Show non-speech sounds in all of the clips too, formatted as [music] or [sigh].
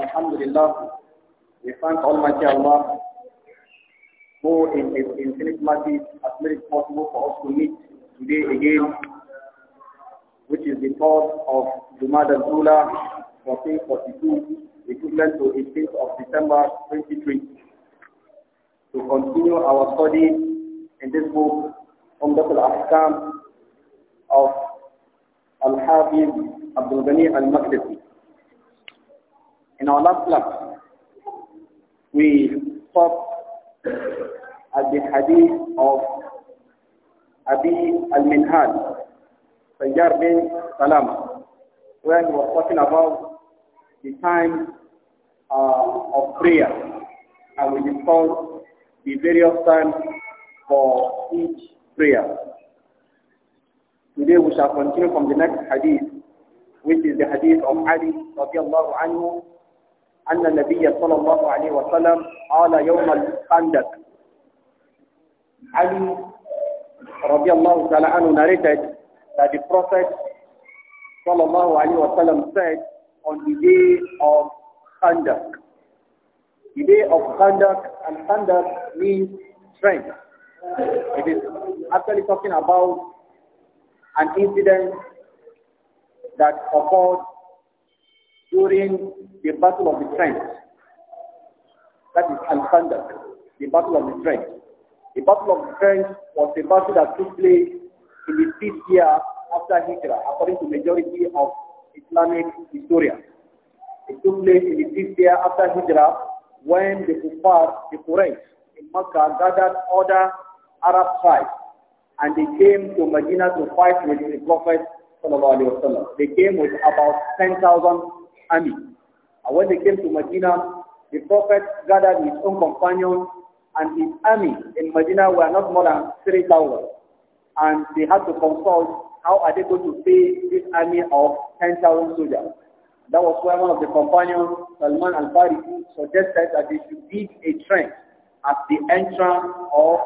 Alhamdulillah, we thank Almighty Allah who in His infinite mercy has made it possible for us to meet today again, which is the third of Jumad al-Ula 1442, equivalent to 18th of December 23, to continue our study in this book, from al-Ahkam of Al-Hafiz Abdul Ghani al-Maqdisi. In our last class, we talked at the hadith of Abi al-Minhal, Sayyar bin Salam, where he was talking about the time uh, of prayer, and we discussed the various times for each prayer. Today we shall continue from the next hadith, which is the hadith of Ali radiallahu anhu أن النبي صلى الله عليه وسلم قال يوم الخندق Ali radiallahu ta'ala anhu narrated that the Prophet sallallahu alayhi wa sallam said on the day of Khandak. The day of Khandak and Khandak means strength. It is actually talking about an incident that occurred during the Battle of the Trench. That is Al-Khandaq, the Battle of the Trench. The Battle of the Trench was a battle that took place in the fifth year after Hijrah, according to majority of Islamic historians. It took place in the fifth year after Hijrah when the Kuffar, the Quraysh, in Makkah gathered other Arab tribes and they came to Medina to fight with the Prophet They came with about 10,000 army. And when they came to Medina, the Prophet gathered his own companions and his army in Medina were not more than 3,000. And they had to consult how are they going to pay this army of 10,000 soldiers. That was where one of the companions, Salman al bari suggested that they should dig a trench at the entrance of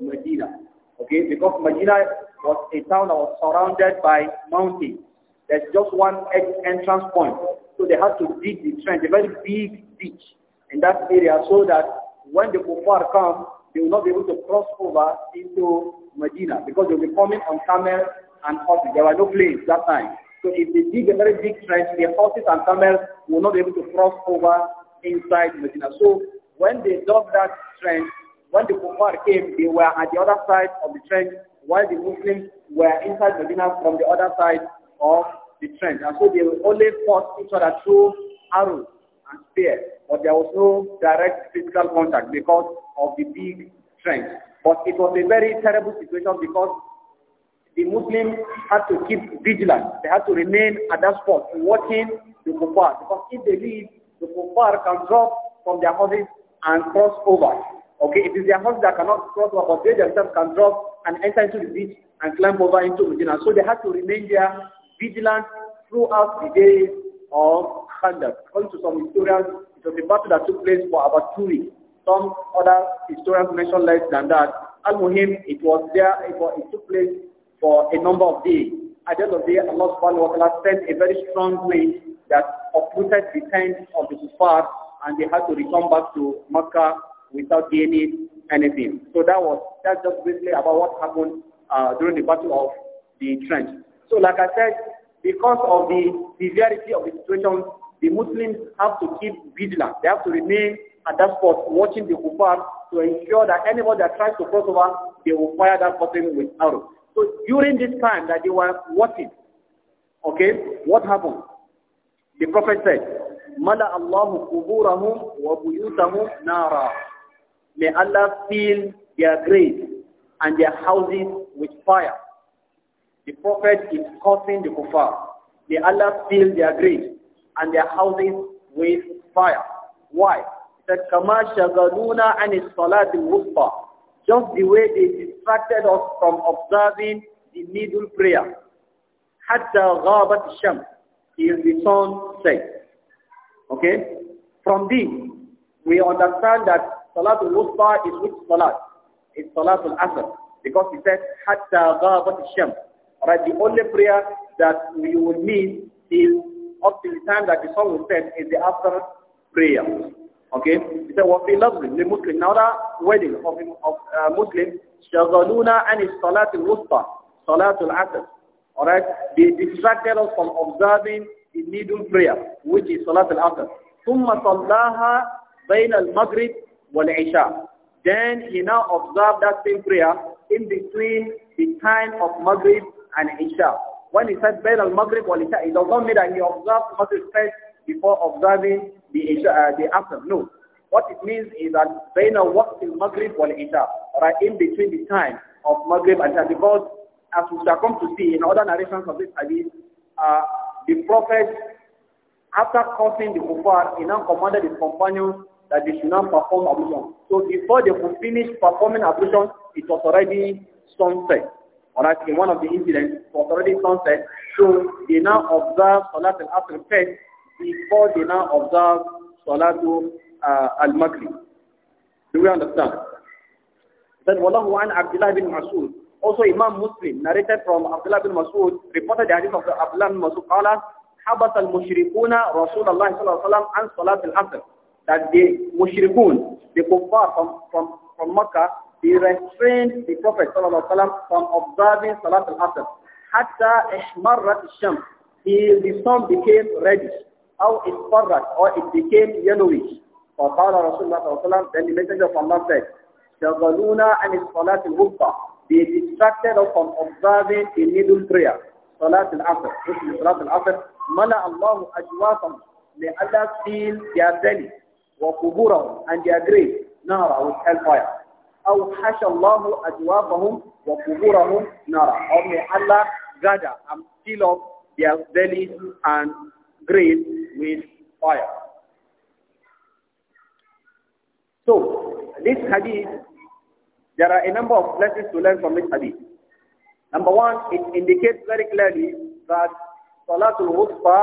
Medina. Okay, because Medina was a town that was surrounded by mountains. There's just one entrance point so they had to dig the trench, a very big ditch in that area so that when the Kufar come, they will not be able to cross over into Medina because they will be coming on camel and horses. There were no planes that time. So if they dig a very big trench, their horses and camels will not be able to cross over inside Medina. So when they dug that trench, when the Kufar came, they were at the other side of the trench while the Muslims were inside Medina from the other side of the trench, And so they only fought each other through arrows and spears. But there was no direct physical contact because of the big trench. But it was a very terrible situation because the Muslims had to keep vigilant. They had to remain at that spot watching the kuffar. Because if they leave, the kuffar can drop from their horses and cross over. Okay, it is their horses that cannot cross over, but they themselves can drop and enter into the beach and climb over into Medina. So they had to remain there vigilant throughout the days of Khandaq. According to some historians, it was a battle that took place for about two weeks. Some other historians mention less than that. Al-Muhim, it was there, it, was, it took place for a number of days. At the end of the day, Allah subhanahu wa ta'ala sent a very strong wind that uprooted the tents of the kuffar and they had to return back to Makkah without gaining anything. So that was, that's just briefly about what happened uh, during the Battle of the Trench. So like I said, because of the severity of the situation, the Muslims have to keep vigilant. They have to remain at that spot watching the kuffar to ensure that anyone that tries to cross over, they will fire that person with arrows. So during this time that they were watching, okay, what happened? The Prophet said, Mala Allahu kuburahum wa buyutahum nara. May Allah fill their graves and their houses with fire. The Prophet is causing the kuffar. The Allah fill their graves and their houses with fire. Why? That kama shagaduna and salat al-wusta. Just the way they distracted us from observing the middle prayer. Hatta ghabat Sham. Till the sun set. Okay? From this, we understand that salat al-wusta is which salat? It's salat al-asr. Because he said, hatta ghabat Sham. Alright, the only prayer that we will need is up to the time that the song will set is the after prayer. Okay? He said, وَفِي the Muslim Now that wedding of, of uh, Muslims, salat al الصَّلَاةِ salat al الْعَصْرِ Alright? They distracted us from observing the needful prayer, which is صَلَاةُ الْعَصْرِ ثُمَّ صَلَّاهَا Maghrib الْمَغْرِبِ Isha. Then he now observed that same prayer in between the time of Maghrib and Isha. When he said Bain al-Maghrib wal Isha, it does not mean that he observed Maghrib first before observing the Isha, uh, the Asr. No. What it means is that Bain al-Waqt al-Maghrib wal Isha, right? in between the time of Maghrib and Isha, because as we shall come to see in other narrations of this hadith, uh, the Prophet, after causing the kuffar, he now commanded his companions that they should not perform ablution. So before they could finish performing ablution, it was already sunset. Alright, in one of the incidents, was already sunset, so they now observe Salat al-Asr first before they now observe Salat uh, al-Maghrib. Do we understand? Then Wallahu an Abdullah bin Mas'ud. Also Imam Muslim, narrated from Abdullah bin Mas'ud, reported the hadith of the Abdullah bin Mas'ud, قال حبس المشركون رسول الله صلى and عليه وسلم عن That the mushrikun, the kuffar from, from, from Makkah, he restrained the Prophet from observing Salat al-Asr. Hatta ishmarrat sham he, the sun became reddish. How it farrat, or it became yellowish. فقال رسول الله صلى الله عليه وسلم, then the messenger of Allah said, شغلونا عن الصلاة الوسطى. They distracted us from observing the middle prayer. صلاة العصر. This is صلاة العصر. ملأ الله أجوافهم. May Allah fill their belly وقبورهم and their grave. نارا with hellfire. أو حشى الله أجوابهم وقبورهم نارا may Allah gather and fill up their bellies and graves with fire. So, this hadith, there are a number of lessons to learn from this hadith. Number one, it indicates very clearly that Salatul Husfa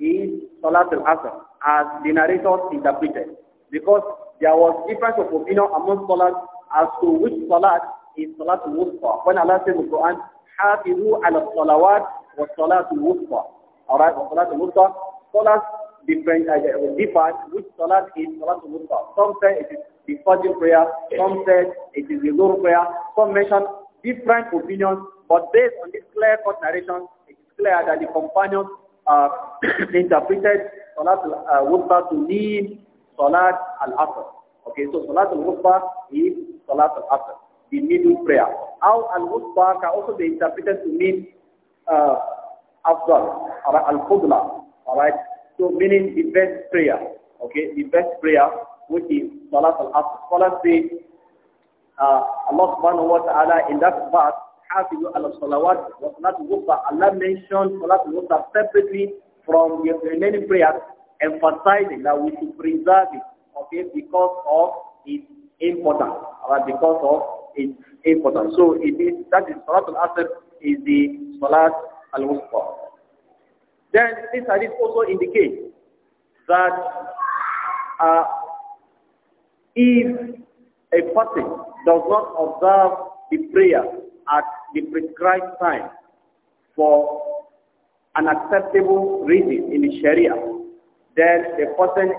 is Salatul Asr, as the narrator interpreted, because there was difference of opinion among scholars as to which salat is salat wusta. When Allah says in the Quran, حافظوا على الصلوات والصلاة الوسطى. Alright, والصلاة الوسطى. Salat different, uh, uh different, which salat is salat wusta. Some say it is the Fajr prayer, some say it is the Zuhr prayer, some mention different opinions, but based on this clear-cut narration, it is clear that the companions uh, [coughs] interpreted salat al-wusta uh, to mean salat al-asr. Okay, so Salat al-Wusta is Salat al-Asr, the middle prayer. Al al-Wusta can also be interpreted to mean uh, Afdal, al-Qudla, alright? So meaning the best prayer, okay? The best prayer, which is Salat al-Asr. Scholars say uh, Allah subhanahu wa ta'ala in that verse, Hafizu al-Salawat wa Salat al-Wusta, Allah mentioned Salat al-Wusta separately from the remaining prayers, emphasizing that we should preserve it okay, because of its importance, right, because of its importance. So it is, that is, Salat al-Asr is the Salat al-Wusta. Then this hadith also indicates that uh, if a person does not observe the prayer at the prescribed time for an acceptable reason in the Sharia, then the person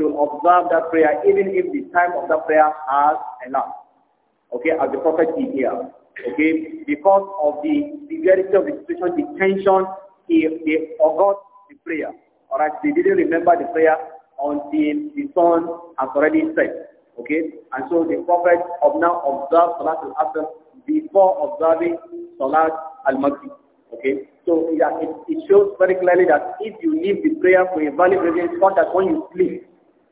to observe that prayer even if the time of that prayer has elapsed. Okay, as the prophet did here. Okay, because of the severity of the situation, the tension, he, he forgot the prayer. Alright, he didn't remember the prayer until the sun has already set. Okay, and so the prophet of now observed Salat al-Asr before observing Salat al-Maghrib. Okay, so yeah, it, it, shows very clearly that if you leave the prayer for a valid reason, it's not that when you sleep,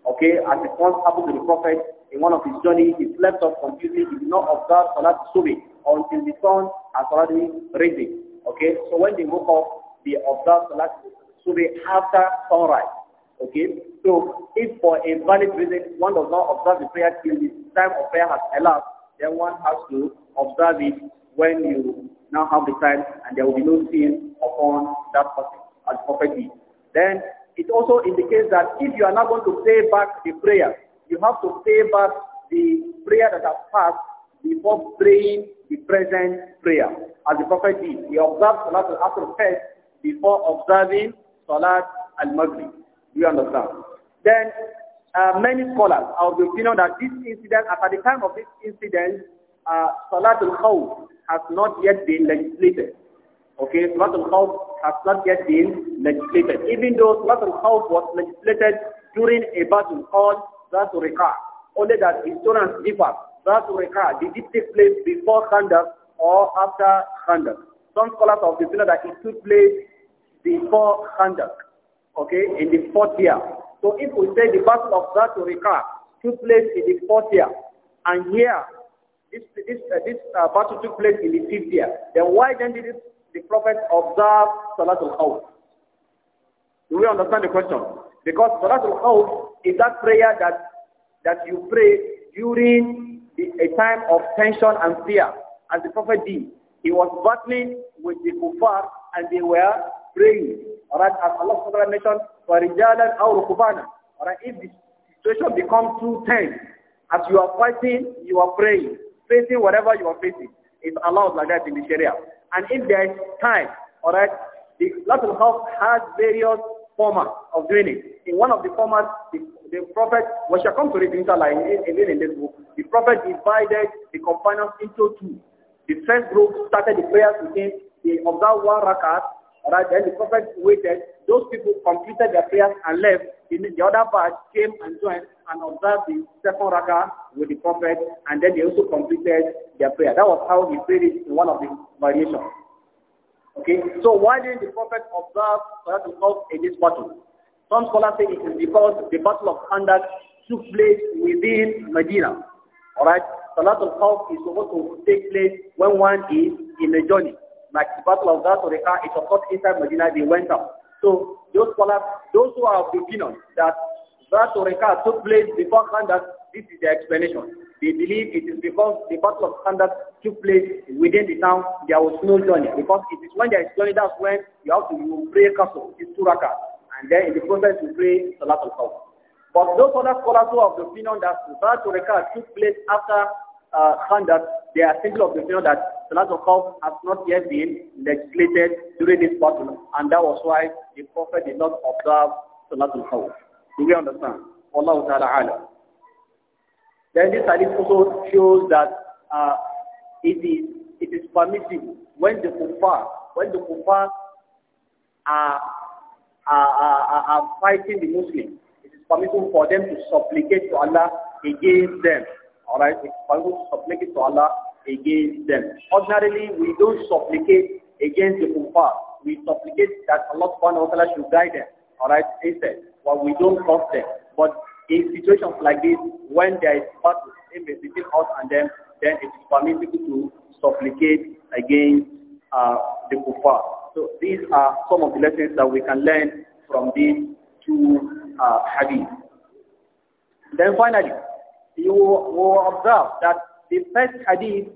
Okay, as it once happened to the Prophet in one of his journeys, he slept off completely, he did not observe Salat Subi until the sun has already risen. Okay, so when they woke up, they observed Salat Subi after sunrise. Okay, so if for a valid reason one does not observe the prayer till the time of prayer has elapsed, then one has to observe it when you now have the time and there will be no sin upon that person as Prophet. Then it also indicates that if you are not going to pay back the prayer, you have to pay back the prayer that has passed before praying the present prayer. As the Prophet did, he observed Salat al-Asr first before observing Salat al-Maghrib. Do you understand? Then uh, many scholars are of the opinion that this incident, at the time of this incident, uh, Salat al-Khawf has not yet been legislated. Okay, Surat al-Khawf has not yet been legislated, even though Surat al-Khawf was legislated during a battle called that's Riqa. Only that historians differ. that's Riqa, did it take place before Khandaq or after Khandaq? Some scholars have the that it took place before Khandaq, okay, in the fourth year. So if we say the battle of that's Riqa took place in the fourth year, and here, this, this, uh, this uh, battle took place in the fifth year, then why then did it the Prophet observed Salatul Khawf? Do we understand the question? Because Salatul Khawf is that prayer that, that you pray during the, a time of tension and fear, as the Prophet did. He was battling with the kuffar and they were praying. Alright, as Allah subhanahu wa ta'ala mentioned, فَرِجَالًا أَوْ رُكُبَانًا Alright, if the situation becomes too tense, as you are fighting, you are praying, facing whatever you are facing. It's allowed like that in the Sharia. And in there is time, all right, the Latin House has various formats of doing it. In one of the formats, the, the prophet, we shall come to it interline again in this book, the prophet divided the companions into two. The first group started the prayers with the They observed one rakat, all right, then the prophet waited those people completed their prayers and left. In the other part, came and joined and observed the second raka with the Prophet, and then they also completed their prayer. That was how he prayed it in one of the variations. Okay, so why didn't the Prophet observe Salat al in this battle? Some scholars say it is because the Battle of Khandaq took place within Medina. Alright, of al is supposed to take place when one is in a journey. Like the Battle of car, it occurred inside Medina, they went up. So those scholars, those who are of the opinion that that Toreka took place before Khandak, this is the explanation. They believe it is because the Battle of Khandak took place within the town. There was no journey because it is when there is journey that's when you have to you pray castle, it's two rakas, and then in the process you pray lot of -Qaw. But those other scholars who have the opinion that that Toreka took place after uh, they are simply of the opinion that of Khawf has not yet been legislated during this battle, and that was why the Prophet did not observe of Khawf. Do we understand? Wallahu ta'ala Then this hadith also shows that uh, it is it is permissible when the kuffar when the kuffar are, are, are, are fighting the Muslims, it is permissible for them to supplicate to Allah against them. Alright, it's permissible to supplicate to Allah against them. Ordinarily, we don't supplicate against the kuffar. We supplicate that Allah subhanahu wa ta'ala should guide them. Alright, instead, but we don't trust them. But in situations like this, when there is battle in between us and them, then it is permissible to supplicate against uh, the kuffar. So these are some of the lessons that we can learn from these two uh, Then finally, you will observe that the first hadith,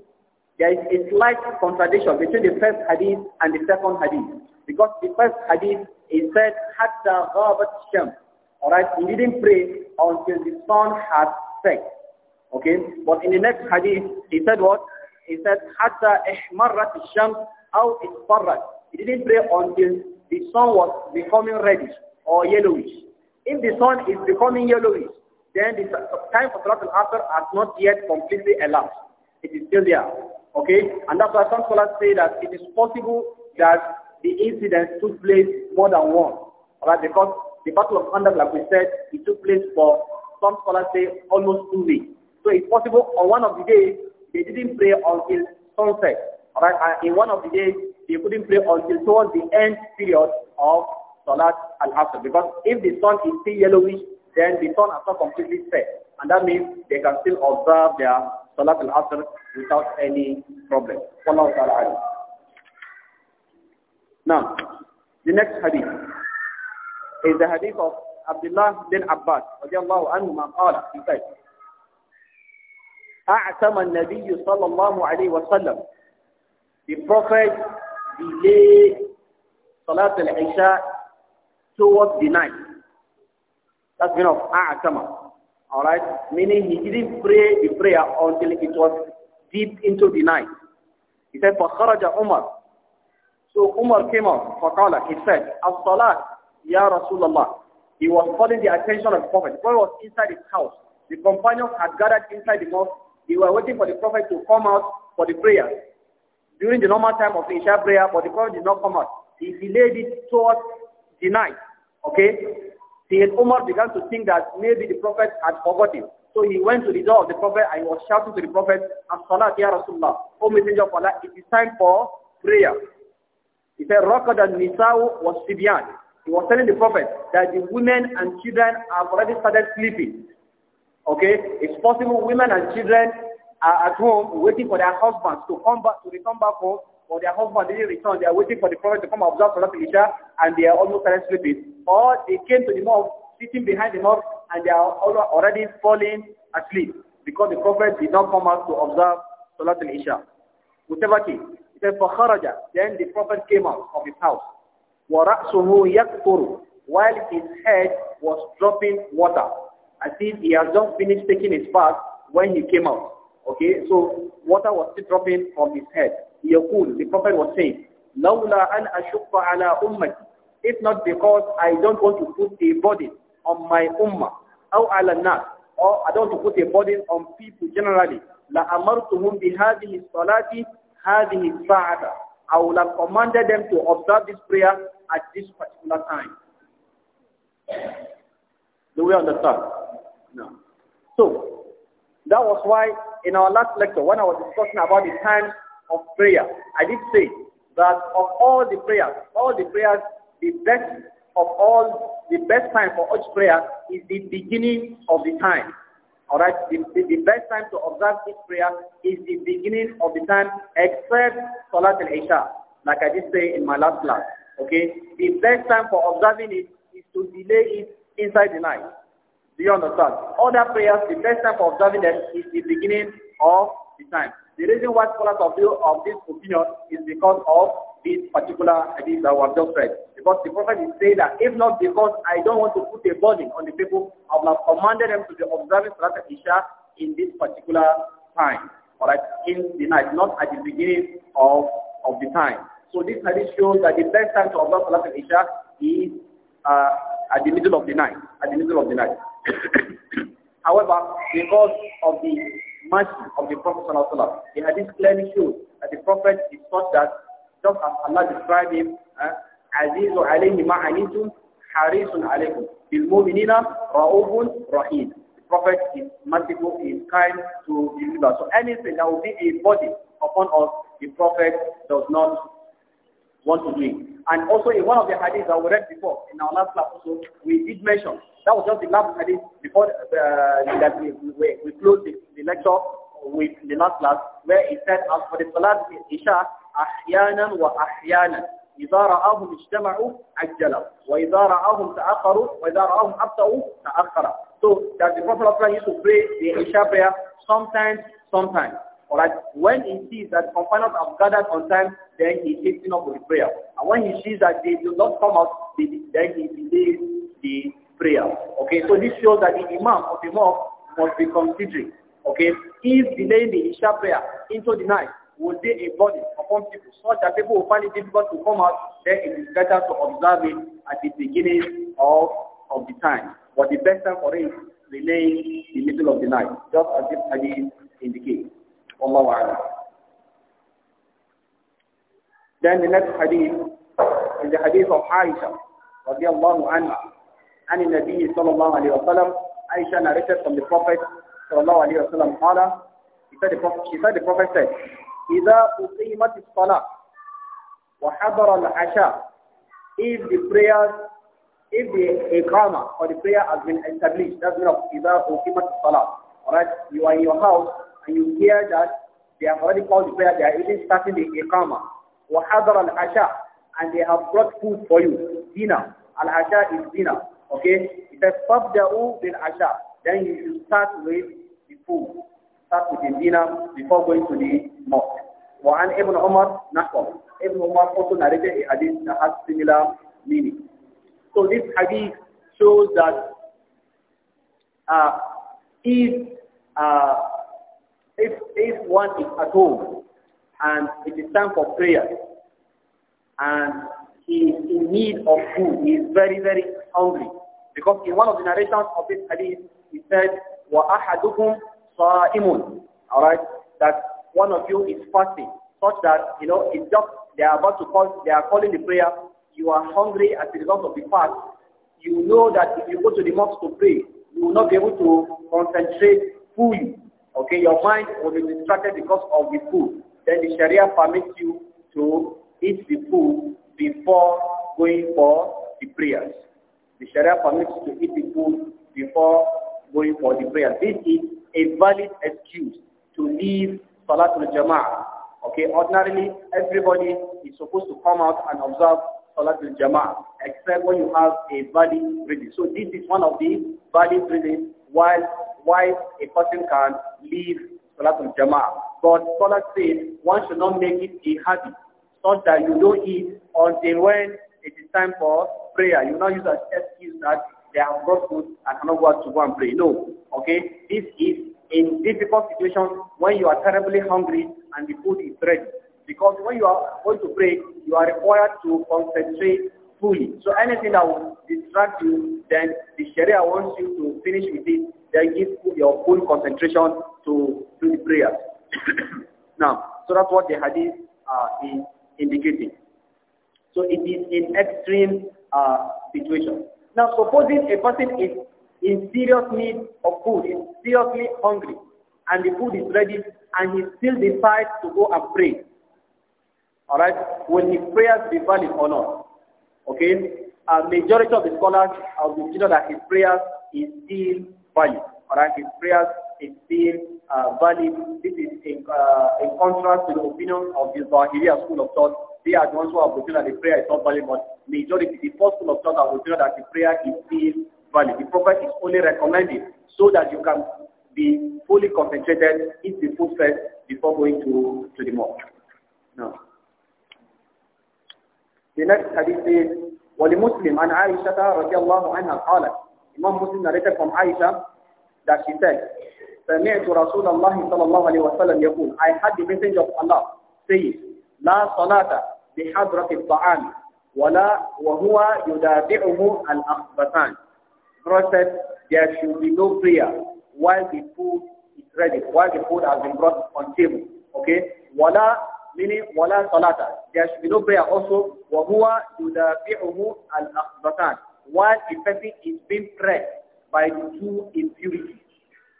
there is a slight contradiction between the first hadith and the second hadith. Because the first hadith, is said, Hatta ghabat shams. Alright, he didn't pray until the sun had set. Okay, but in the next hadith, he said what? He said, Hatta ihmarrat shams aw isfarrat. He didn't pray until the sun was becoming reddish or yellowish. If the sun is becoming yellowish, then the time for Salat al-Asr has not yet completely elapsed. It is still there. Okay? And that's why some scholars say that it is possible that the incident took place more than once. Alright, because the Battle of Khandaq, like we said, it took place for, some scholars say, almost two weeks. So it's possible on one of the days, they didn't pray until sunset. Alright, and in one of the days, they couldn't pray until towards the end period of Salat al-Asr. Because if the sun is still yellowish, then the sun has not completely set. And that means they can still observe their Salat al-Asr without any problem. Now, the next hadith is the hadith of Abdullah bin Abbas radiallahu anhuma he said أعتم النبي صلى الله عليه وسلم the prophet delayed Salat al-Isha towards the night that's meaning of A'atama. Alright? Meaning he didn't pray the prayer until it was deep into the night. He said, فَخَرَجَ Umar. So Umar came out, فَقَالَ He said, الصَّلَاةِ Ya Rasulullah. He was calling the attention of the Prophet. The Prophet was inside his house. The companions had gathered inside the mosque. They were waiting for the Prophet to come out for the prayer. During the normal time of the Isha prayer, but the Prophet did not come out. He delayed it towards the night. Okay? The Umar began to think that maybe the Prophet had forgotten. So he went to the door of the Prophet and he was shouting to the Prophet, As-salat ya Rasulullah, O Messenger of Allah, it is time for prayer. He said, Rakad al-Nisa'u was Sibian. He was telling the Prophet that the women and children have already started sleeping. Okay? It's possible women and children are at home waiting for their husbands to come back, to return back home, or their husband didn't return. They are waiting for the Prophet to come observe Salat al and they are almost started sleeping or they came to the mosque, sitting behind the mosque, and they are already falling asleep because the Prophet did not come out to observe Salat al-Isha. Whatever it for فَخَرَجَ Then the Prophet came out of his house. وَرَأْسُهُ يَكْفُرُ While his head was dropping water. As if he had just finished taking his bath when he came out. Okay, so water was still dropping from his head. يقول, the Prophet was saying, لَوْلَا أَنْ أَشُفَّ عَلَىٰ أُمَّتِي if not because I don't want to put a burden on my ummah, or I don't want to put a burden on people generally, لأمرتهم بهذه الصلاة هذه الساعة. I will have commanded them to observe this prayer at this particular time. Do we understand? No. So, that was why in our last lecture, when I was discussing about the times of prayer, I did say that of all the prayers, all the prayers the best of all, the best time for each prayer is the beginning of the time. Alright, the, the, the, best time to observe each prayer is the beginning of the time except Salat al-Isha, like I did say in my last class. Okay, the best time for observing it is to delay it inside the night. Do you understand? Other prayers, the best time for observing them is the beginning of the time. The reason why scholars of, the, of this opinion is because of this particular hadith that was just read. Because the Prophet is saying that if not because I don't want to put a burden on the people, I will have commanded them to be observing Salat isha in this particular time. Alright, in the night, not at the beginning of, of the time. So this hadith shows that the best time to observe Salat isha is uh, at the middle of the night. At the middle of the night. [coughs] However, because of the mercy of the Prophet, the hadith clearly shows that the Prophet is such that just as Allah described him, eh, The Prophet is merciful, is kind to believers. So anything that will be a burden upon us, the Prophet does not want to do it. And also in one of the hadiths that we read before, in our last class also, we did mention, that was just the last hadith before uh, that we, we, we closed the, the lecture with the last class, where he said, as for the Salat Isha, أحيانا وأحيانا إذا رآهم اجتمعوا عجلوا وإذا رآهم تأخروا وإذا رآهم أبطأوا تأخروا So that the Prophet of used to pray the Isha prayer sometimes, sometimes. Alright, when he sees that companions have gathered on time, then he takes up with prayer. And when he sees that they do not come out, then he delays the prayer. Okay, so this shows that the Imam of the mosque must be considering. Okay, if delaying the Isha prayer into the night will they body upon people such that people will find it difficult to come out, then it is better to observe it at the beginning of, of the time. But the best time for it is in the middle of the night, just as this hadith indicates. Allah wa'ala. Then the next hadith is the hadith of Aisha, radiallahu anha, and the Nabi sallallahu alayhi wa sallam, Aisha narrated from the Prophet sallallahu alayhi wa sallam, he said the Prophet, she said the Prophet said, إذا أقيمت الصلاة وحضر العشاء if the prayers if the iqama or the prayer has been established that's enough إذا أقيمت الصلاة alright you are in your house and you hear that they have already called the prayer they are even starting the iqama وحضر العشاء and they have brought food for you dinner al-asha is dinner okay it says fabda'u the asha then you should start with the food start with the dinner before going to the mosque وعن ابن Umar نحوه Ibn Umar also narrated a hadith that has similar meaning. So this hadith shows that uh, if, uh, if, if one is at home and it is time for prayer and he is in need of food, he is very, very hungry. Because in one of the narrations of this hadith, he said, وَأَحَدُكُمْ صَائِمٌ Alright, that one of you is fasting, such that, you know, it's just, they are about to call, they are calling the prayer, you are hungry as a result of the fast. You know that if you go to the mosque to pray, you will not be able to concentrate fully. Okay, your mind will be distracted because of the food. Then the Sharia permits you to eat the food before going for the prayers. The Sharia permits you to eat the food before going for the prayers. This is a valid excuse to leave Salatul Jama'ah. Okay, ordinarily everybody is supposed to come out and observe Salatul Jama'ah, except when you have a valid reason. So this is one of the valid reasons why why a person can leave Salatul Jama'ah. But Salat says one should not make it a habit, such that you don't eat until when it is time for prayer. You not use an excuse that they have got food and cannot go out to go and pray. No. Okay? This is in difficult situations when you are terribly hungry and the food is ready. Because when you are going to pray, you are required to concentrate fully. So anything that will distract you, then the Sharia wants you to finish with it, then give your full concentration to, to the prayer. [coughs] now, so that's what the hadith uh, is indicating. So it is in extreme uh, situations. Now, supposing a person is in serious need of food, is seriously hungry, and the food is ready, and he still decides to go and pray. Alright? Will his prayers be valid or not? Okay? A majority of the scholars have considered that his prayers is still valid. Alright? His prayers is still uh, valid. This is in, uh, in contrast to the opinion of the Zahiriya school of thought they are the ones who have considered that the prayer is not valid, but majority, the first school of thought have considered that the prayer is still valid. The prophet is only recommending so that you can be fully concentrated, eat the food first before going to, to the mosque. No. The next hadith is, وَلِمُسْلِمْ عَنْ عَائِشَةَ رَضِيَ اللَّهُ عَنْهَا قَالَتْ Imam Muslim narrated from Aisha that she said, سَمِعْتُ رَسُولَ اللَّهِ صَلَى اللَّهُ عَلَيْهِ وَسَلَّمْ يَقُولُ I had the message of Allah saying, لَا صَلَاةَ بِحَضْرَةِ الطَّعَامِ وَلَا وَهُوَ يُدَافِعُهُ الْأَخْبَثَانِ Christ there should be no prayer while the food is ready, while the food has been brought on table. Okay? Wala meaning wala salata. There should be no prayer also. Wahua yudafi'uhu al akhbatan. While the person is being pressed by the two impurities.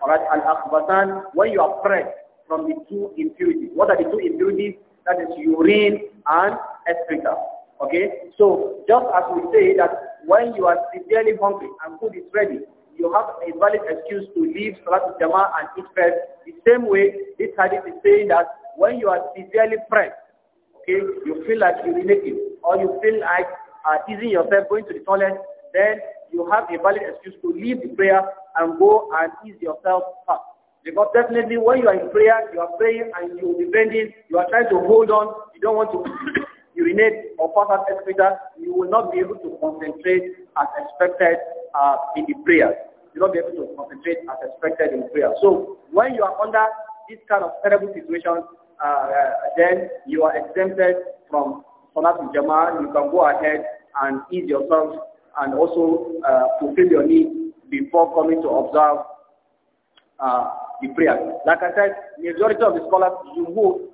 Alright, al akhbatan, when you are pressed from the two impurities. What are the two impurities? That is urine and excreta. Okay? So just as we say that when you are severely hungry and food is ready, you have a valid excuse to leave Salat Jama'ah and eat first. The same way, this hadith is saying that when you are severely pressed, okay, you feel like urinating or you feel like uh, easing yourself, going to the toilet, then you have a valid excuse to leave the prayer and go and ease yourself fast. Because definitely when you are in prayer, you are praying and you are depending, you are trying to hold on, you don't want to urinate or pass out you will not be able to concentrate as expected uh, in the prayer. You'll not be able to concentrate as expected in prayer. So when you are under this kind of terrible situation, uh, uh, then you are exempted from in Jama'ah. You can go ahead and ease yourself and also uh, fulfill your need before coming to observe uh, the prayer. Like I said, majority of the scholars you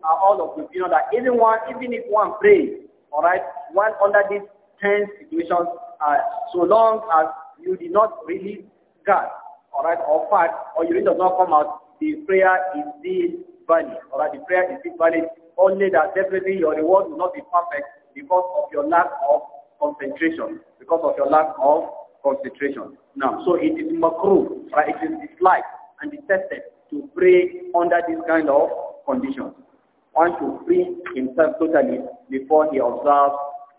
are all of you know that even even if one prays, all right? while under these 10 situations, uh, so long as you did not really God, all right, or fast, or you does not come out, the prayer is still valid. All right, the prayer is still valid. Only that definitely your reward will not be perfect because of your lack of concentration. Because of your lack of concentration. Now, so it is makruh, right? It is disliked and detested to pray under this kind of conditions one to free himself totally before he observes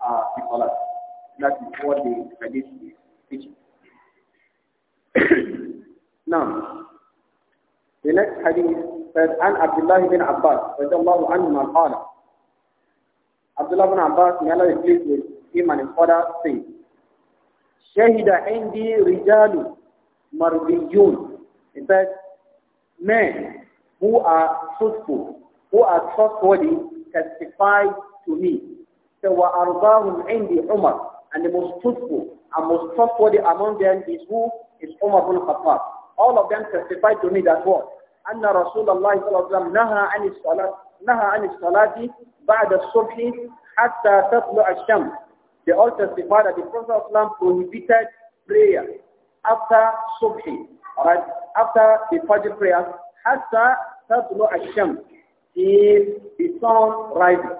uh, the salah. That is what the hadith is teaching. [coughs] now, the next hadith says, "An Abdullah ibn Abbas, radiallahu anhu qala." Abdullah ibn Abbas, may Allah be pleased with him and his father, said, شهد عندي رجال مرضيون. He said, men who are truthful who are trustworthy testify to me. So وَأَرْضَاهُمْ the عُمَرْ And the most truthful and most trustworthy among them is who? Is Umar bin Khattab. All of them testify to me that what? And the Rasulullah صلى الله عليه وسلم نهى عن الصلاة نهى عن الصلاة بعد الصبح حتى تطلع الشمس. They all testify that the Prophet ﷺ prohibited prayer after subhi, alright, after the Fajr prayer, حتى تطلع الشمس is the sun rising.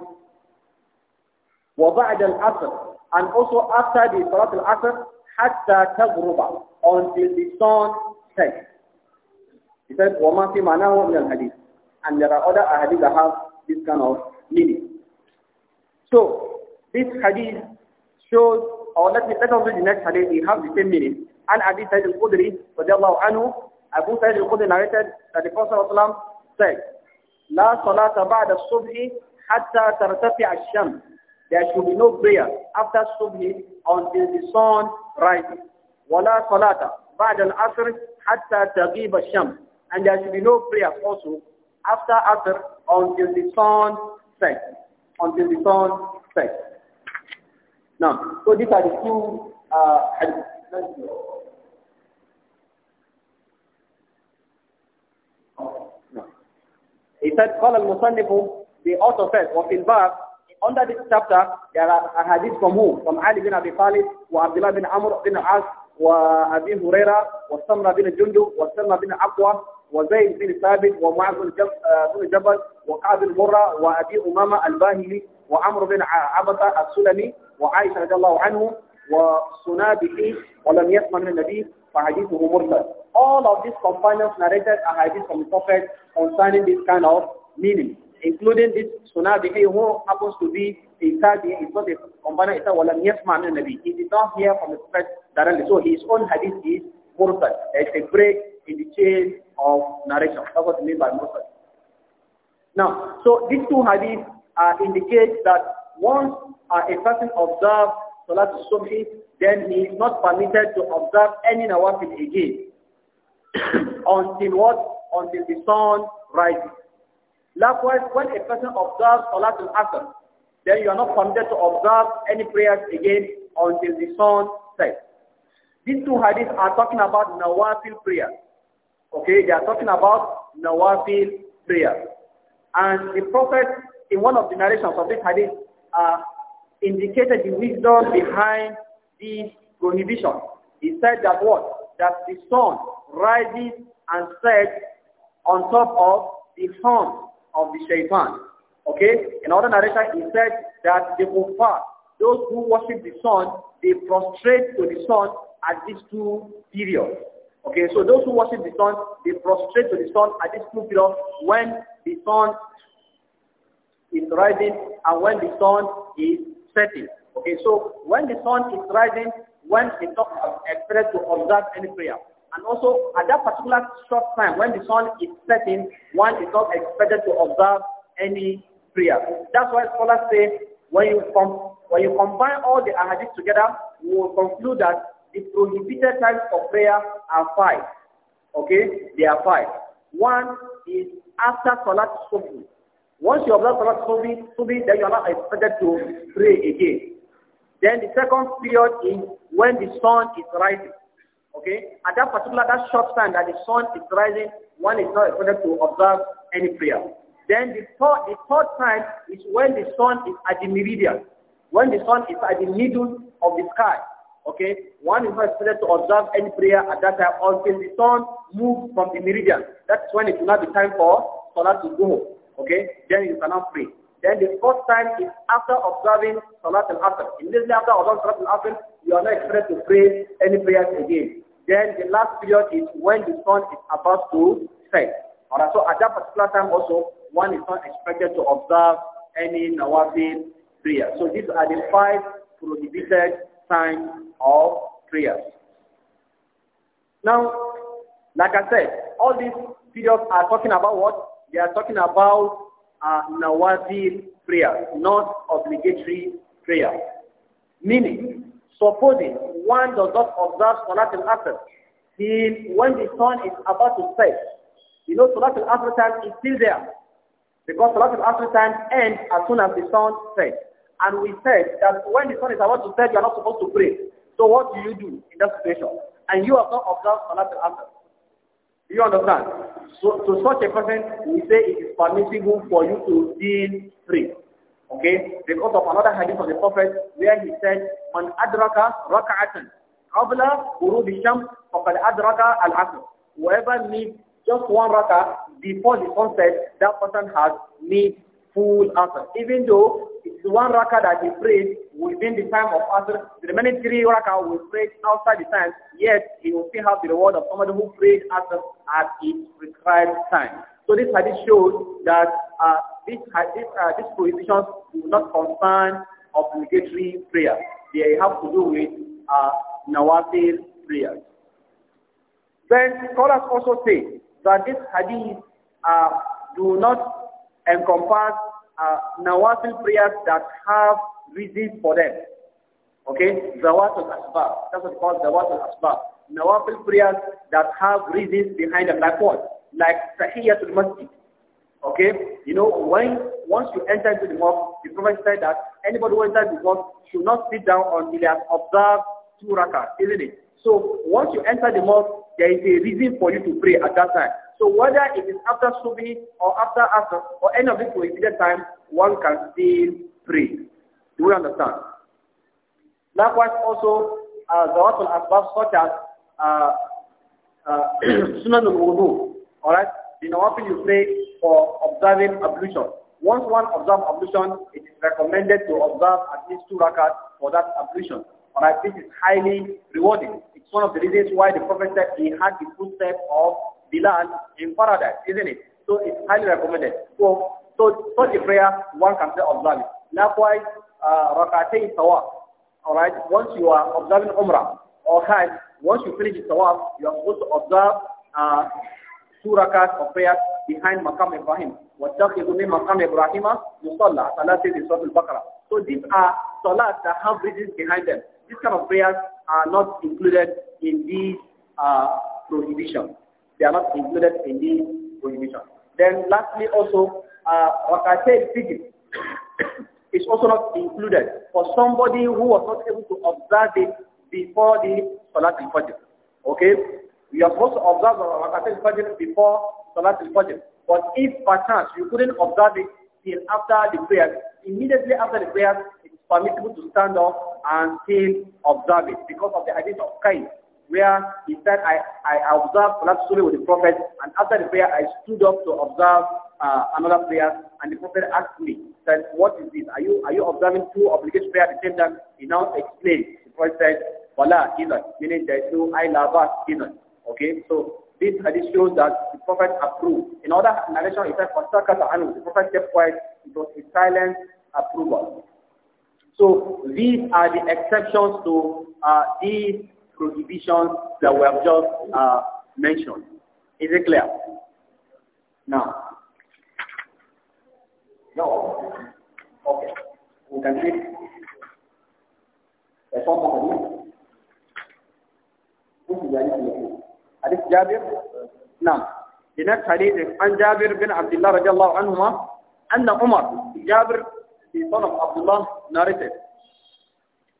وَبَعْدَ الْأَصْرِ And also after the Salat al-Asr, حَتَّى تَغْرُبَ Until the sun sets. He said, وَمَا فِي مَعْنَاهُ مِنَ الْحَدِيثِ And there are other ahadith that have this kind of meaning. So, this hadith shows, or let, me, let us read the next hadith, we have the same meaning. And Abi Sayyid al-Qudri, radiallahu anhu, Abu Sayyid al-Qudri narrated that the Prophet ﷺ said, La salata ba'da subhi hatta tartafi ash-shams. There should be no prayer after subhi until the sun rises. ولا صلاة بعد al حتى تغيب الشمس. And there should be no prayer also after asr until the sun sets. Until the sun sets. Now, so these are the two uh, He said, قال المصنف, the author said, وفي الباب, under this chapter, there are hadith from who? From Ali bin Abi Talib, وعبدالله بن عمرو بن عاص, وأبي هريرة, والسمرة بن جندب, والسمرة بن عقوة, وزيد بن ثابت ومعاذ بن جبل وقعب المرة وأبي أمامة الباهلي وعمرو بن عبطة السلمي وعائشة رضي الله عنه وصنابه ولم يسمع من النبي فحديثه مرسل all of these companions narrated a hadith from the Prophet concerning this kind of meaning, including this Sunabi who happens to be a Tabi, is not a companion, it's a Walam Yasma Nabi. He did not hear from the Prophet directly. So his own hadith is Mursal. It's a break in the chain of narration. That's what we mean by Mursal. Now, so these two hadiths uh, indicate that once uh, a person observes Salat Subhi, then he is not permitted to observe any Nawafil again. [coughs] until what? Until the sun rises. Likewise, when a person observes Salat al-Asr, then you are not permitted to observe any prayers again until the sun sets. These two hadiths are talking about nawafil prayer. Okay, they are talking about nawafil prayer. And the Prophet, in one of the narrations of this hadith, uh, indicated the wisdom behind this prohibition. He said that what? That the sun rises and sets on top of the horn of the shaitan. Okay? In other narration, he said that the kuffar, those who worship the sun, they prostrate to the sun at these two periods. Okay, so those who worship the sun, they prostrate to the sun at these two periods when the sun is rising and when the sun is setting. Okay, so when the sun is rising, one is not expected to observe any prayer. And also, at that particular short time when the sun is setting, one is not expected to observe any prayer. That's why scholars say when you, com- when you combine all the ahadith together, we will conclude that the prohibited times of prayer are five. Okay? They are five. One is after Salat Subhi. Once you observe Salat Subhi, then you are not expected to pray again. Then the second period is when the sun is rising. Okay? At that particular, that short time that the sun is rising, one is not expected to observe any prayer. Then the third, the third time is when the sun is at the meridian, when the sun is at the middle of the sky. Okay, one is not expected to observe any prayer at that time until the sun moves from the meridian. That's when it will not be time for Salah to go. Okay, then you cannot pray. Then the fourth time is after observing Salat al-Asr. Immediately after observing Salat al-Asr, you are not expected to pray any prayers again. Then the last period is when the sun is about to set. Alright, so at that particular time also, one is not expected to observe any nawafil prayer. So these are the five prohibited times of prayers. Now, like I said, all these periods are talking about what? They are talking about uh, nawafil prayer, not obligatory prayer. Meaning, supposing one does not observe Salat al-Asr till when the sun is about to set. You know, Salat al-Asr time is still there because Salat al-Asr time ends as soon as the sun sets. And we said that when the sun is about to set, you are not supposed to pray. So what do you do in that situation? And you have not observed Salat al-Asr. You understand? So to such a person, we say it is permissible for you to still pray. Okay? Because of another hadith of the Prophet where he said, Man adraka raka'atan qabla urud shams faqad adraka al-asr. Whoever needs just one raka before the sunset, that person has made full asr. Even though it's one raka that he prayed within the time of asr, the remaining three raka will pray outside the time, yet he will still have the reward of somebody who prayed asr at its prescribed time. So this hadith shows that uh, these, these, uh, these prohibitions do not concern obligatory prayer. They have to do with uh, nawafil prayers. Then scholars also say that these hadith uh, do not encompass uh, nawafil prayers that have reasons for them. Okay, zawat al-asbab. That's what called zawat al-asbab. Nawafil prayers that have reasons behind them. Like what? Like tahiyatul masjid. Okay? You know, when once you enter into the mosque, the Prophet said that anybody who enters the mosque should not sit down until they have observed two rakat, isn't it? So once you enter the mosque, there is a reason for you to pray at that time. So whether it is after Subhi or after Asr or any of these coincident time, one can still pray. Do you understand? Likewise also, uh, the Rasul Asbab such as uh, uh, [clears throat] Sunan al-Wudu, alright? The you pray for observing ablution. Once one observes ablution, it is recommended to observe at least two rakat for that ablution. Alright, this is highly rewarding. It's one of the reasons why the Prophet said he had the footstep of Bilal in paradise, isn't it? So it's highly recommended. So, so such a prayer, one can say observe it. Likewise, uh, rakatay tawaf. Alright, once you are observing Umrah or Hajj, once you finish the tawaf, you are supposed to observe uh, two rakat of prayer behind Makam Ibrahim. وَاتَّخِذُ مِنْ مَقَامِ إِبْرَاهِيمَ in Al-Baqarah. So these are salat that have bridges behind them. These kind of prayers are not included in these uh, prohibitions. They are not included in these prohibitions. Then lastly also, uh, Rakatel Fijr [coughs] is also not included for somebody who was not able to observe it before the Salat al-Fajr. Okay? We are supposed to observe our al-Fajr before the al-Fajr. But if by chance you couldn't observe it till after the prayer, immediately after the prayer, it's permissible to stand up and still observe it because of the hadith of Kain, where he said, I, I observed Salat Surah with the Prophet, and after the prayer, I stood up to observe uh, another prayer, and the Prophet asked me, said, what is this? Are you, are you observing two obligatory prayers at the same time? He now explained. The Prophet said, Wala, isn't, meaning there is meaning theres no I lava, is Okay, so this hadith shows that the Prophet approved. In other narration, it says, the Prophet kept quiet. It was his silent approval. So these are the exceptions to uh, these prohibitions that we have just uh, mentioned. Is it clear? Now. No. Okay. We can read. There's one more hadith. This is very clear. Hadith Jabir? Now, the next hadith is An Jabir bin Abdullah radiallahu anhuma, Anna Umar, Jabir, the son of Abdullah, narrated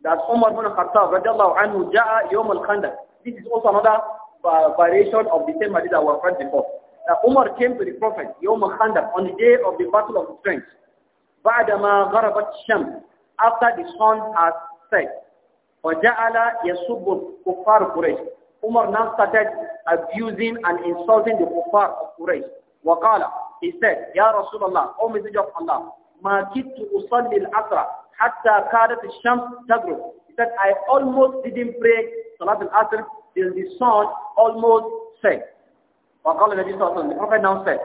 that Umar bin Khattab radiallahu anhu ja'a yawm al-khandaq. This is also another variation of the same hadith that we read before. That Umar came to the Prophet يَوْمَ al on the day of the battle of the strength. بعدما غربت الشمس after the sun has set. وجعل يسب كفار قريش Umar now started abusing and insulting the kuffar of Quraysh. وقال, he said, Ya Rasulullah, O Messenger of Allah, ما كدت أصلي العصر حتى كادت الشمس تغرب. He said, I almost didn't pray Salat al-Asr till the sun almost set. وقال النبي صلى الله عليه وسلم, the Prophet now said,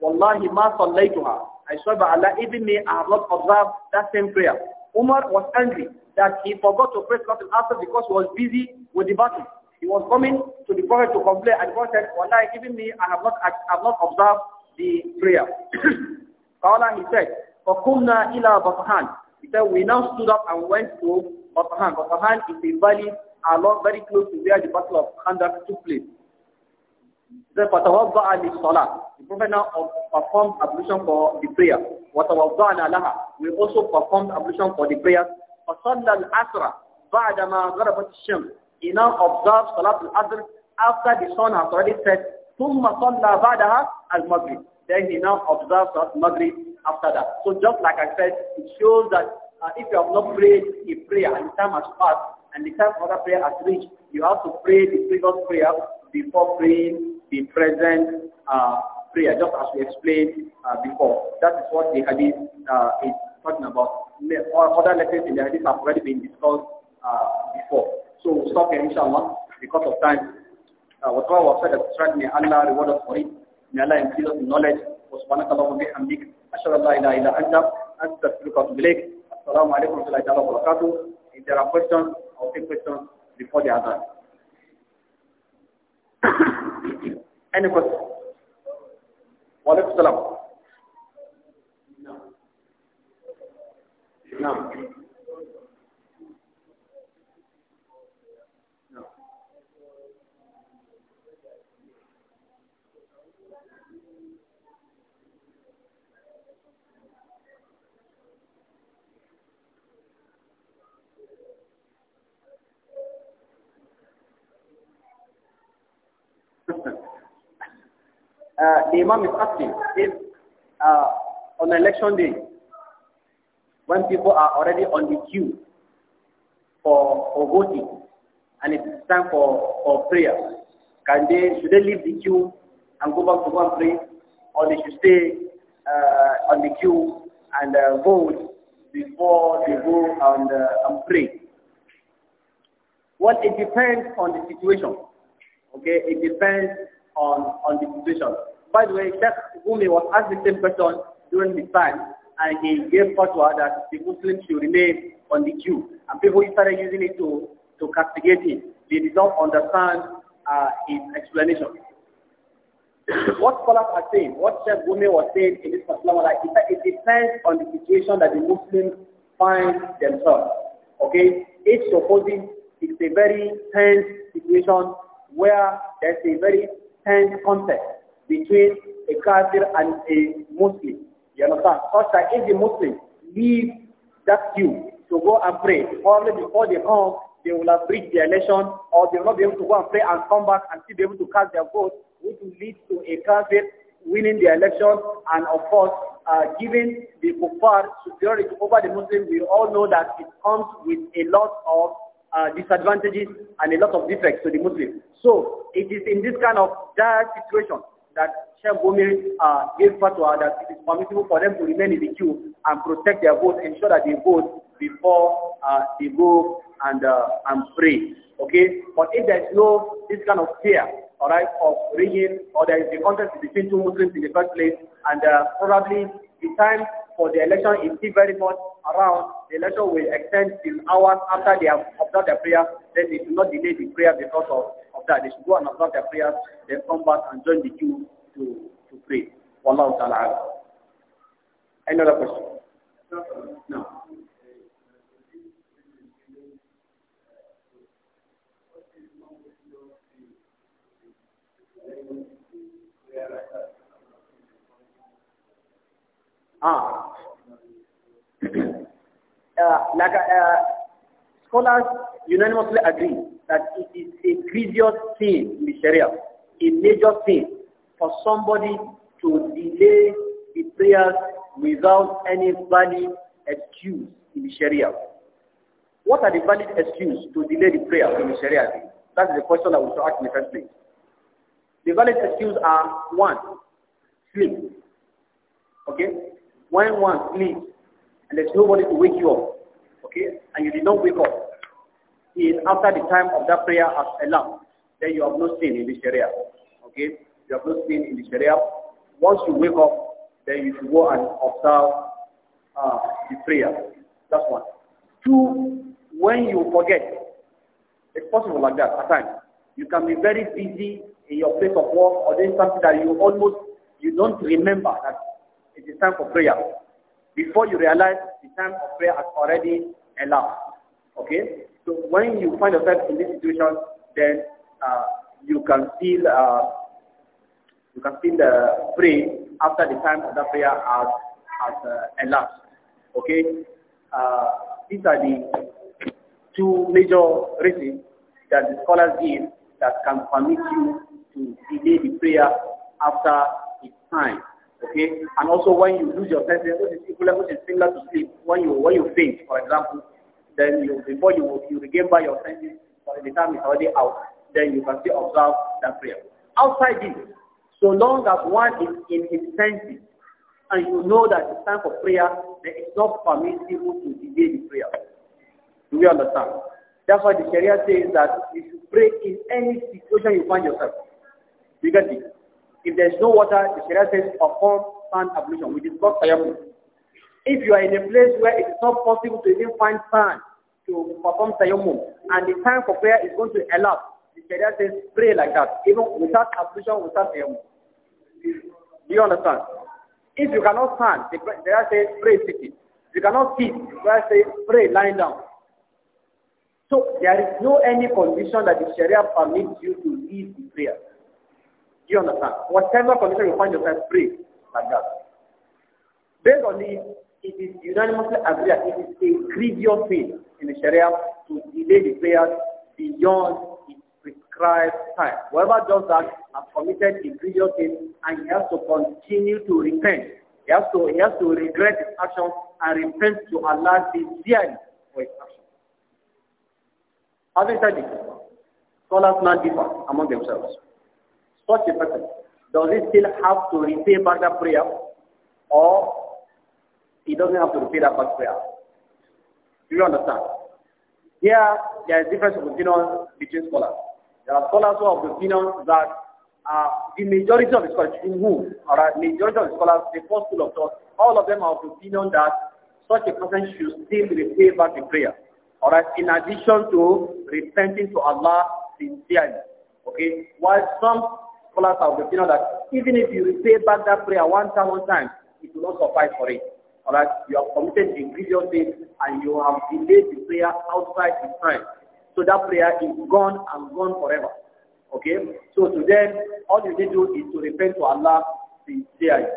Wallahi ma sallaytuha. I swear by Allah, even me, I have not observed that same prayer. Umar was angry that he forgot to pray Salat al-Asr because he was busy with the battle. He was coming to the Prophet to complain and the Prophet said, Wallahi, even me, I have not, I have not observed the prayer. [clears throat] Qala, he said, فَقُمْنَا إِلَى بَطْحَانِ He said, we now stood up and went to Batahan. Batahan is a valley along very close to where the battle of Khandaq took place. The Fatawabba'a li Salah. The Prophet now performed ablution for the prayer. Watawabba'na laha. We also performed ablution for the prayer. فَصَلَّى الْعَصْرَ بَعْدَمَا غَرَبَتِ الشَّمْسِ he now observes Salat al after the sun has already set. ثم sun صَلَّى بَعْدَهَا al-Maghrib. Then he now observes Salat maghrib after that. So just like I said, it shows that uh, if you have not prayed a prayer and the time has passed and the time for that prayer has reached, you have to pray the previous prayer before praying the present uh, prayer, just as we explained uh, before. That is what the hadith uh, is talking about. Other lessons in the hadith have already been discussed uh, before. So we'll stop here, inshallah, because of time. Uh, whatever was said at strike, may Allah reward us for it. May Allah increase us in knowledge. وسبحانك اللهم وبحمدك أشهد أن لا إله إلا أنت أستغفرك وأتوب إليك السلام If there are questions, I'll take questions before the other. [coughs] Any questions? Waalaikumsalam. salam. No. No. uh, the Imam is asking if uh, on election day, when people are already on the queue for, for voting and it's time for, for prayer, can they, should they leave the queue and go back to go and pray or they should stay uh, on the queue and uh, vote before they go and, uh, and pray? Well, it depends on the situation. Okay, it depends on, on the situation. By the way, Sheikh Umi was asked the same question during this time, and he gave fatwa that the Muslims should remain on the queue. And people started using it to, to castigate him. They did not understand uh, his explanation. [coughs] what scholars are saying, what Sheikh Gumi was saying in this particular like, it, depends on the situation that the Muslims find themselves. Okay? It's supposing it's a very tense situation where there's a very tense context between a kafir and a Muslim. You understand? Such that if the Muslim leaves that queue to go and pray, probably before they come, they will have breached their election or they will not be able to go and pray and come back and still be able to cast their vote, which will lead to a kafir winning the election and of course uh, giving the kuffar superiority over the Muslims, we all know that it comes with a lot of uh, disadvantages and a lot of defects to the Muslims. So it is in this kind of dire situation that Sheikh Bumi uh, gave fatwa that it is permissible for them to remain in the queue and protect their vote, ensure that they vote before uh, they go and uh, and pray. Okay, but if there is no this kind of fear, all right, of ringing or there is a contest between two Muslims in the first place, and uh, probably the time for the election is still very much around. The election will extend till hours after they have observed their prayer. Then it will not delay the prayer because of of that. They should go and observe their prayers, then come back and join the queue to, to pray. Wallahu ta'ala. Any other question? No. Ah. [clears throat] uh, like uh, scholars unanimously agree that it is a grievous sin in the Sharia, a major sin for somebody to delay the prayers without any valid excuse in the Sharia. What are the valid excuses to delay the prayer in the Sharia? That is the question that we should ask in the first place. The valid excuses are one, sleep. Okay? When one sleeps and there's nobody to wake you up, okay, and you did not wake up, is after the time of that prayer has elapsed, then you have no sin in the Sharia. Okay? You have no sin in the Sharia. Once you wake up, then you should go and observe uh, the prayer. That's one. Two, when you forget, it's possible like that at times. You can be very busy in your place of work or doing something that you almost, you don't remember that it is time for prayer. Before you realize the time of prayer has already elapsed. Okay? So when you find yourself in this situation, then uh, you can feel uh, you can feel the pray after the time of the prayer has has uh, elapsed. Okay, uh, these are the two major reasons that the scholars give that can permit you to delay the prayer after its time. Okay, and also when you lose your senses, which is similar to sleep, when you when you faint, for example, then you before you you remember your senses, by the time it's already out, then you can still observe that prayer. Outside this, so long as one is in his senses and you know that it's time for prayer, then it's not permissible to delay the prayer. Do you understand? That's why the Sharia says that you should pray in any situation you find yourself. You get it? If there's no water, the Sharia says perform sand ablution, which is called tayammum. If you are in a place where it is not possible to even find sand to perform tayammum, and the time for prayer is going to elapse, the Sharia says pray like that, even without ablution, without tayammum. Do you understand? If you cannot stand, the Sharia says pray sitting. If you cannot sit, the Sharia says pray lying down. So there is no any condition that the Sharia permits you to leave the prayer. Do you understand? Whatever condition you find yourself, pray like that. Based on this it is unanimously agreed that it is a grievous sin in the Sharia to delay the prayers beyond its prescribed time. Whoever does that has committed a grievous sin and he has to continue to repent. He has to, he has to regret his actions and repent to Allah sincerely for his actions. Having said this, scholars not differ among themselves. Such a person, does he still have to repay back that prayer or he doesn't have to repeat that first prayer. Do you understand? Here, there is difference of opinion between scholars. There are scholars who have opinion that uh, the majority of the scholars, in whom, or the majority of the scholars, the first school of thought, all of them have the opinion that such a person should still repay back the prayer. All right, in addition to repenting to Allah sincerely. Okay, while some scholars have opinion that even if you repay back that prayer one time, one time, it will not suffice for it. Alright, you have committed ingredient sin and you have delayed the prayer outside the time. So that prayer is gone and gone forever. Okay? So to them, all you need to do is to repent to Allah sincerely.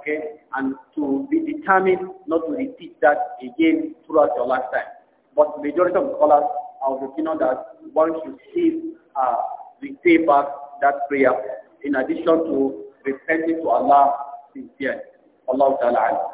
Okay? And to be determined not to repeat that again throughout your lifetime. But majority of scholars are of the opinion that once you still uh, repay back that prayer in addition to repenting to Allah sincerely. Allah Ta'ala.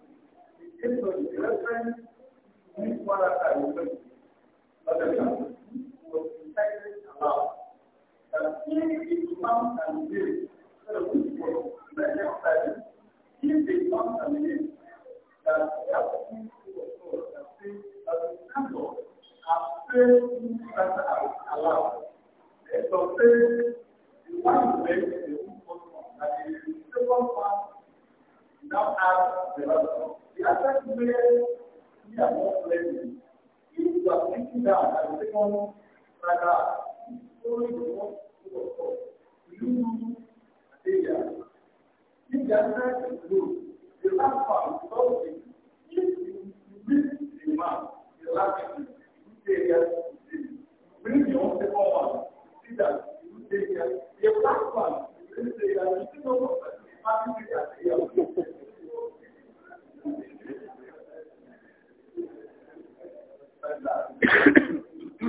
Thank of E até comer e a mão leve. Isso assim que dá, a gente como para cá. Tudo bom, tudo teia. E já está tudo. E lá fala, só o que irmão, e lá tem teia. Brinque ontem com o Cidade, não teia. E eu lá falo, não teia. Não teia, não teia. Não teia, não teia. [coughs]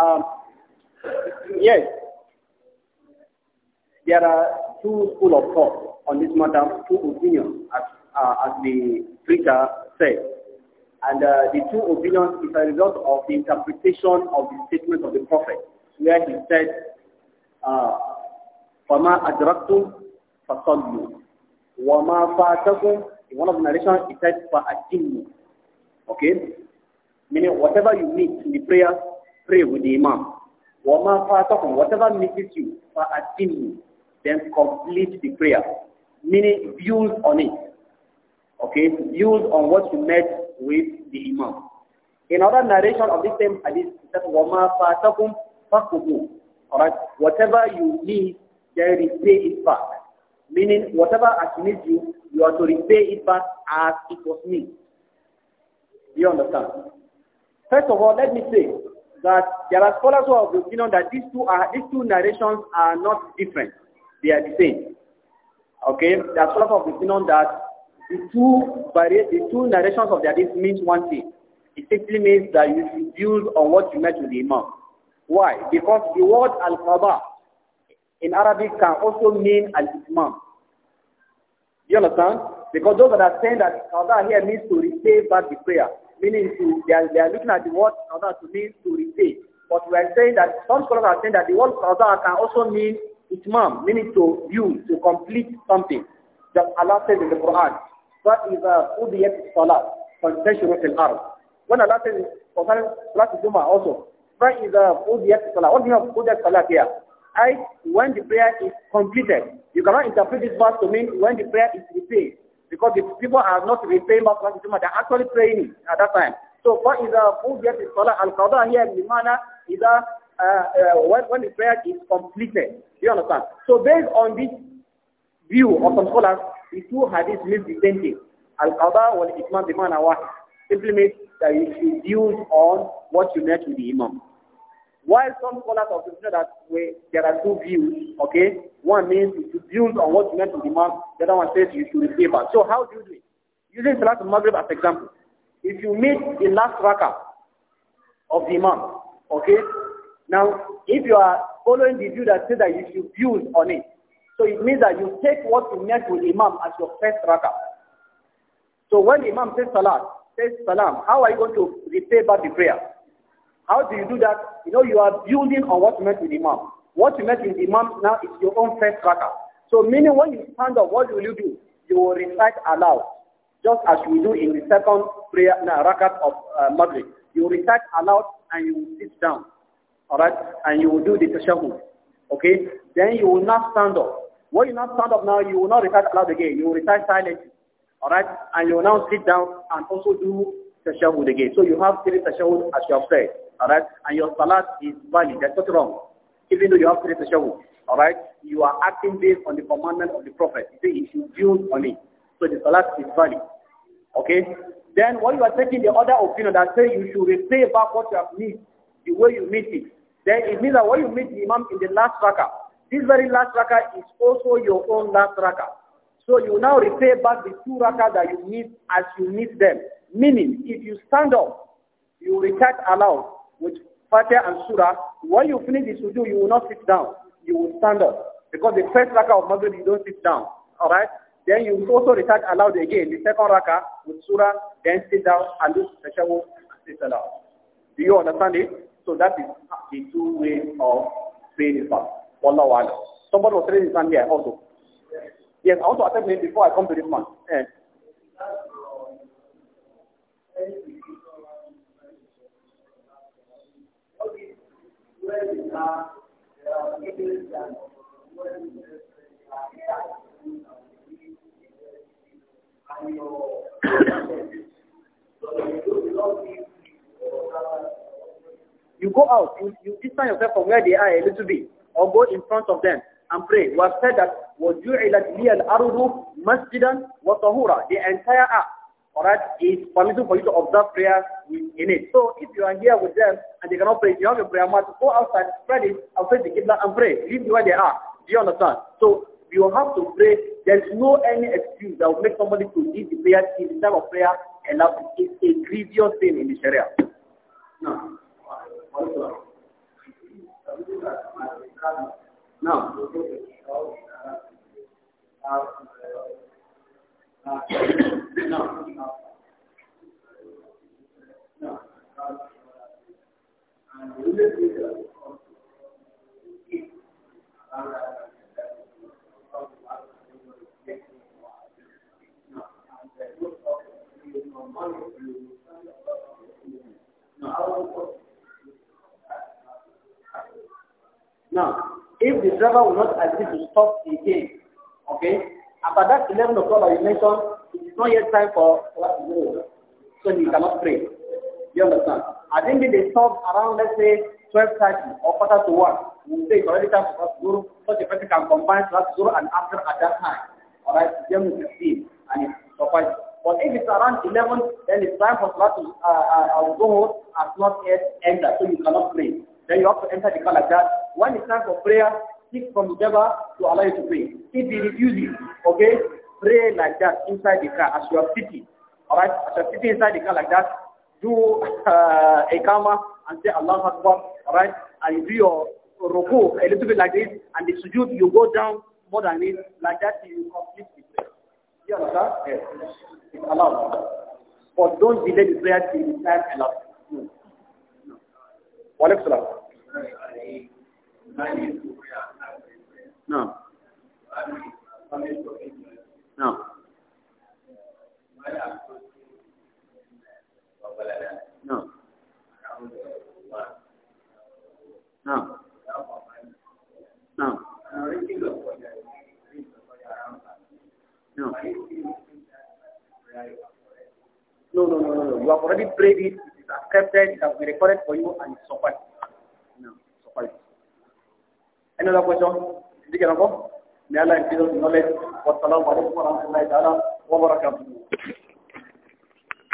um, yes, there are two school of thought on this matter, two opinions, as, uh, as the preacher said. And uh, the two opinions is a result of the interpretation of the statement of the prophet, where he said, uh, "Fama فَمَا أَدْرَكْتُمْ فَصَلُّوا وَمَا In one of the narrations, he said, فَأَتِمُّوا Okay? Meaning whatever you need in the prayer, pray with the Imam. Wama fatakum, whatever misses you, fa'atimu, then complete the prayer. Meaning build on it. Okay? Build on what you met with the Imam. In narration of this same hadith, it says, Wama fatakum fakumu. Alright? Whatever you need, then repay it back. Meaning, whatever has need you, you are to repay it back as it was missed. Do you understand? First of all, let me say that there are scholars who have the opinion that these two are these two narrations are not different. They are the same. Okay? There are scholars who have the opinion that the two the two narrations of the hadith means one thing. It simply means that you should build on what you met with the Imam. Why? Because the word al-qada in Arabic can also mean al-imam. You understand? Because those that are saying that qada here means to repay back the prayer meaning to they are, they are looking at the word qada to mean to repay. But we are saying that some scholars are saying that the word qada can also mean itmam, meaning to view, to complete something. that Allah says in the Quran, فَإِذَا قُضِيَتِ الصَّلَاةِ فَانْتَشِرُوا فِي الْأَرْضِ When Allah says concerning Salat Juma also, فَإِذَا قُضِيَتِ الصَّلَاةِ What do you have قُضِيَتِ Salah here? I, when the prayer is completed, you cannot interpret this verse to mean when the prayer is repaid. Because the people are not repaying back to they're actually praying at that time. So what is a full get is called al qada here in manner is a uh, uh, when, the prayer is completed. Do you understand? So based on this view of some scholars, the two hadiths means the same thing. Al qada wal itman manner wahid. Simply means that you should use on what you met with the imam. While some scholars of the that way, there are two views, okay? One means Views on what you meant to demand, Imam. The other one says you should repay back. So how do you do it? Using Salat al-Maghrib as example. If you meet the last rakah of the Imam, okay? Now, if you are following the view that says that you should build on it, so it means that you take what you meant with Imam as your first rakah. So when Imam says Salat, says Salam, how are you going to repay back the prayer? How do you do that? You know, you are building on what you meant with Imam. What you meant with Imam now is your own first rakah. So meaning when you stand up, what will you do? You will recite aloud, just as we do in the second prayer, no, rakat of uh, Maghrib. You recite aloud and you sit down, all right? And you will do the tashahud, okay? Then you will not stand up. When you not stand up now, you will not recite aloud again. You will recite silently, all right? And you will now sit down and also do tashahud again. So you have three tashahud as you have said, all right? And your salat is valid. That's not wrong, even though you have three tashahud. All right? You are acting based on the commandment of the Prophet. You say you should build on it. So the salat is valid. Okay? Then when you are taking the other opinion that say you should repay back what you have missed, the way you missed it, then it means that when you meet the Imam in the last raka, this very last raka is also your own last raka. So you now repay back the two raka that you missed as you missed them. Meaning, if you stand up, you recite aloud with Fatih and Surah. When you finish the sujood, you will not sit down you will stand up. Because the first raka of Maghrib, you don't sit down. All right? Then you will also recite aloud again. The second raka with surah, then sit down and do tashahud and sit aloud. Do you understand it? So that is the two ways of praying Islam. Wallahu wa alam. Somebody was raising his hand here also. Yes, I want to attempt him before I come to this man. Yeah. Thank you. You go out, you, you distance yourself from where they are a little bit, or go in front of them and pray. We have said that وَجُعِلَتْ لِيَ الْأَرْضُ مَسْجِدًا وَطَهُورًا The entire act. Alright, it's permissible for you to observe prayer in it. So if you are here with them and they cannot pray, you have your prayer mat, go outside, spread it, outside. face the Qibla and pray. Leave where they are. Do you understand? So you have to pray. There's no any excuse that will make somebody to leave the prayer in the time of prayer and that is a grievous sin in the Sharia. No. No. Now, if the driver will not agree to stop again, okay, after that 11 o'clock as you mentioned, it is not yet time for what to do. So he cannot pray. You understand? I think if they stop around, let's say, 12 12.30 or quarter to 1, we say it's already time for Guru, so a person can combine Ras Guru and after at that time. Alright, Jamu 16 and it's suffice. But if it's around 11, then it's time for Salat al-Zuhur uh, uh, has uh, not yet ended, so you cannot pray. Then you have to enter the car like that. When it's time for prayer, seek from Jabba to allow you to pray. If he refuses, okay, pray like that inside the car as you are sitting. Alright, as you are sitting inside the car like that, do uh, a kama and say Allah Akbar, alright, and you do your ruku a little bit like this, and the sujood, you go down more than this, like that you complete the prayer. You understand? Yes. It's allowed. But don't delay the prayer till the time allowed. No. salam. No. No. No. No. No. No, no, no, no, no. You have already prayed it. It is accepted. It has been recorded for you and it's sufficed. No, sufficed. Another question? Shi ke nan ko? May Allah increase us in knowledge. Wassalamu alaikum wa rahmatullahi ta'ala wa barakatuhu.